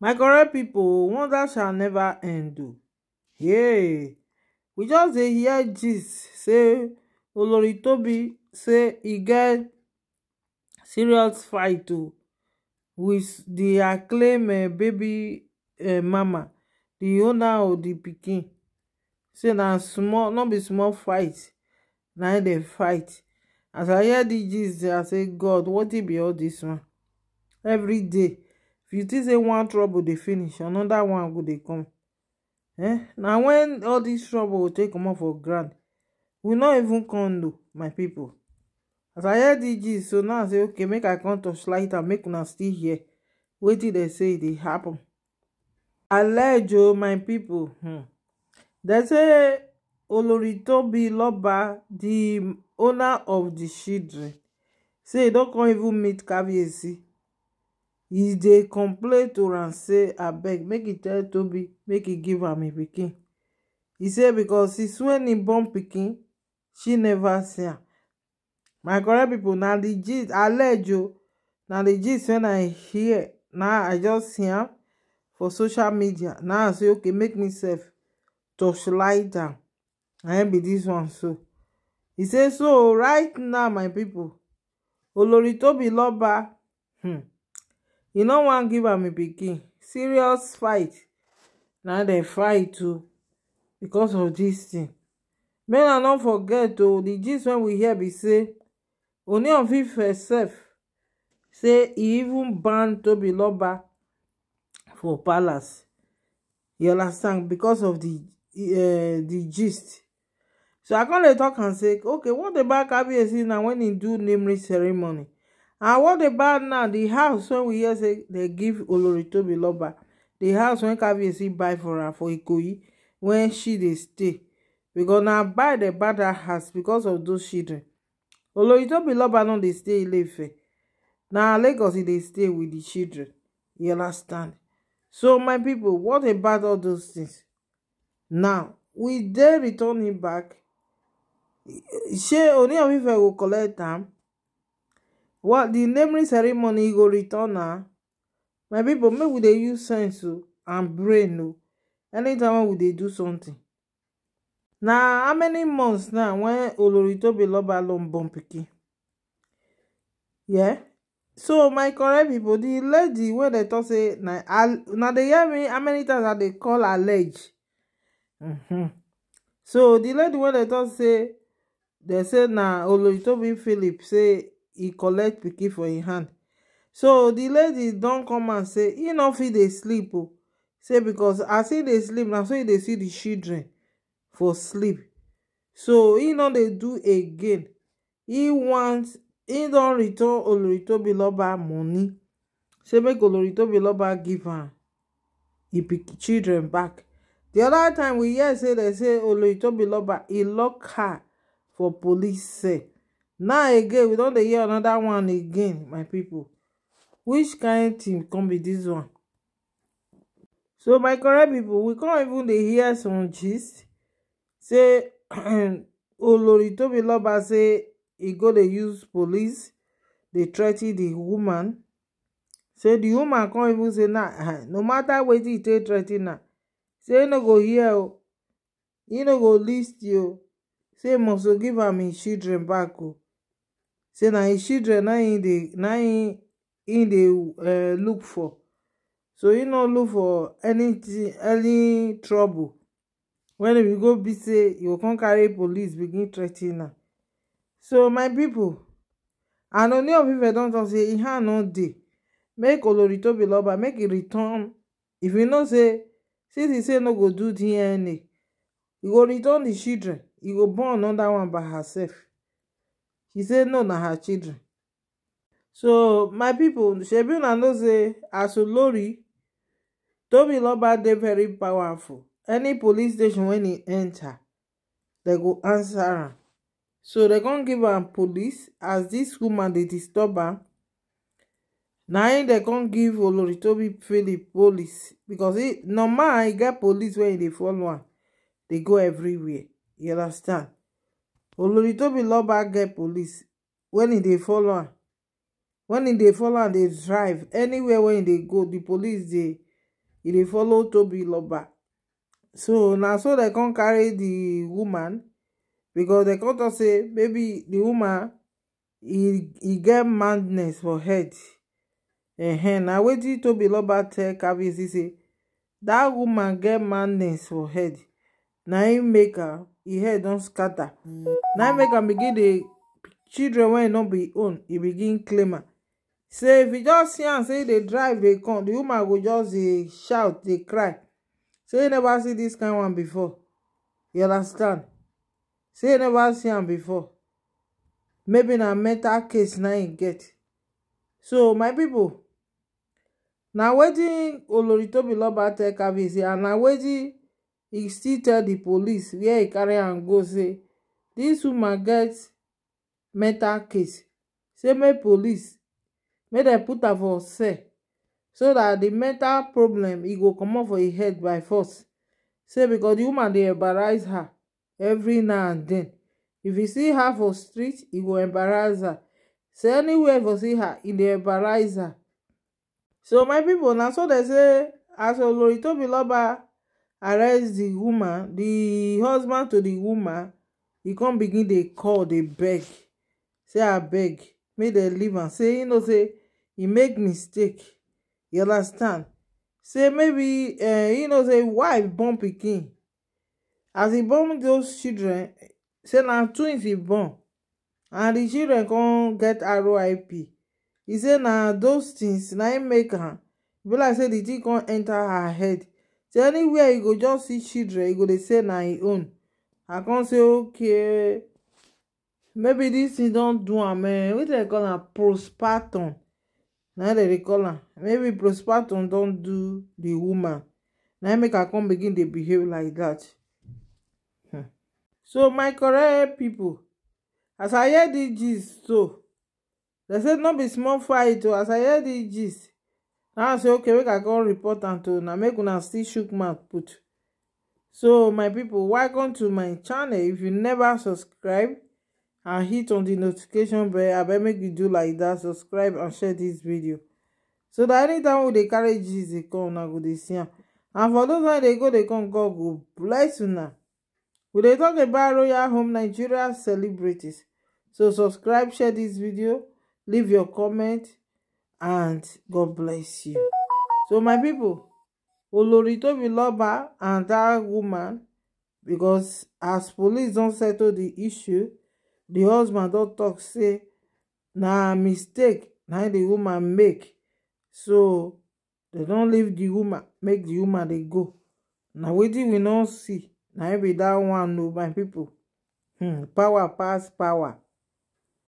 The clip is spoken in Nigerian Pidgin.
my correct pipo wonder shall never end o yay we just dey hear gist say olori tobi say e get serious fight o oh, with di acclaimed eh, baby eh, mama di owner of di pikin say na small no be small fight na im dey fight as i hear dis gist i say god wetin be all dis one every day you think say one trouble they finish another one go they come eh Now when all dis trouble go take comot for ground we not even come know my people. as i hear dis gist so now i say okay make i come slight and make una still Wait till they say e dey happen alejo my people. hmm. dem say oloritobi loba the owner of the children say e don't come even meet kabiyesi He dey complain to am say abeg make e tell tobi make e give am im pikin He say because since wen e born pikin she never see am my correct pipo na di gist alejo na di gist when i hear na i just see am for social media na i say okay make me sef torchlight am na im be this one so He say so right now my people. olori tobi loba hmm e no wan give am im pikin serious fight na dem fight too because of dis thing. make i no forget o di gist wey we hear be say onion fit herself say he even ban tobiloba for palace you understand because of the eh, the gist so i con dey talk am say okay what about kabiyesi na when e do naming ceremony and what about now The house when we hear say dem give Olorito Biloba, the house wey kabiyesi buy for her for ikoyi when she they stay becos na buy the bad house because of those children Olorito Biloba no they stay ilefe Now lagos e dey stay with the children you understand so my people, what about all those things? now we dey returning back shey only of ife go collect am what di naming ceremony go return na my people? make we dey use sense o oh, and brain o oh. anytime wey we dey do something na how many months now when olori tobi lobalon born pikin yeah so my correct people, the lady wey dem talk say na dey hear me how many times i dey call allege mm-hmm. so the lady wey dem talk say dem say na olori tobi philip say He collect pikin for im hand so the lady don come and say he no fit dey sleep o oh. say because as e dey sleep na so he dey see the children for sleep so he no dey do again He want he don return oloritobiloba money say make oloritobiloba give am e children back The other time we hear say they say oloritobiloba he lock her for police cell now again we don dey hear another one again my people. which kind tin come be this one so my correct people, we con even dey hear some gist say olori tobiloba say e go dey use police dey threaten the woman say the woman con even say ah, no matter wetin e take threaten na say e no go hear o e no go list you say must to give am im children back o say na his children na him dey na him him dey uh, look for so he no look for anything any trouble When we go be say e go come carry police begin threa ten am so my people, and Ooni of Ife don talk say e hand no dey make Olori Tobiloba make e return if you know say since he say no go do DNA e go return the children e go born another one by herself He say no na her children so my people, shebi una know say as olori tobiloba dey very powerful any police station wen he enter, dem go answer am so dem con give am police as dis woman dey disturb am na im dem con give oloritobi philip police becos normal e get police wey e dey follow am dey go everywhere you understand Olori oloritobi loba get police when e dey follow am wen e dey follow am dey drive anywhere wey they go The police they, e dey follow Toby loba so now so they can't carry the woman because they can't say maybe the woman he he get madness for head -huh. na wetin Toby loba tell kabiyesi say that woman get madness for head Now he make her. e head don scatter na make am begin dey children wey no be own e begin claim am say if you just see am say e dey drive dey come the woman go just dey shout dey cry say you never see dis kind one before you understand say you never see am before maybe na mental case na e get so my pipo na wetin biloba tell kavi say and na wetin He still tell di police wia e carry am go say dis woman get mental case say make police make dem put am for cell so that the mental problem e go comot for im head by force say because di woman dey embarrass her every now and then. if e see her for street e go embarrass her say anywhere for see her e dey embarrass her so my people na so dem say as olori tobiloba arrest the woman the husband to the woman he come begin they call they beg say I beg, make they leave and say e know say he make mistake you understand say maybe e know say wife born pikin as he born those children say na twins e born and the children come get rip e say na those tins na he make am e be like say the thing come enter her head so anywhere you go just see children you go dey say na im e own i con say okay maybe this thing don do am eh wetin dem call am postpartum na im dem dey call am maybe postpartum don do the woman na im make I come begin dey behave like that. Hmm. so my correct people, as i hear dis gist so dem say no be small fight o oh, as i hear dis gist now i say okay make i go report and to now make una still shook mouth put so my people, welcome to my channel if you never subscribe and hit on the notification bell I better make you do like that. subscribe and share this video so that anytime we dey carry gist dey come now go this year. and for those wey they go they come god go bless una we dey tok about royal home nigeria celebrities so subscribe share this video leave your comment and god bless you so my people olori tobiloba and that woman because as police don't settle the issue the husband don't talk say na mistake na the woman make so they don't leave the woman make the woman they go na wetin we no see na be dat one no oh, my people? hmm power pass power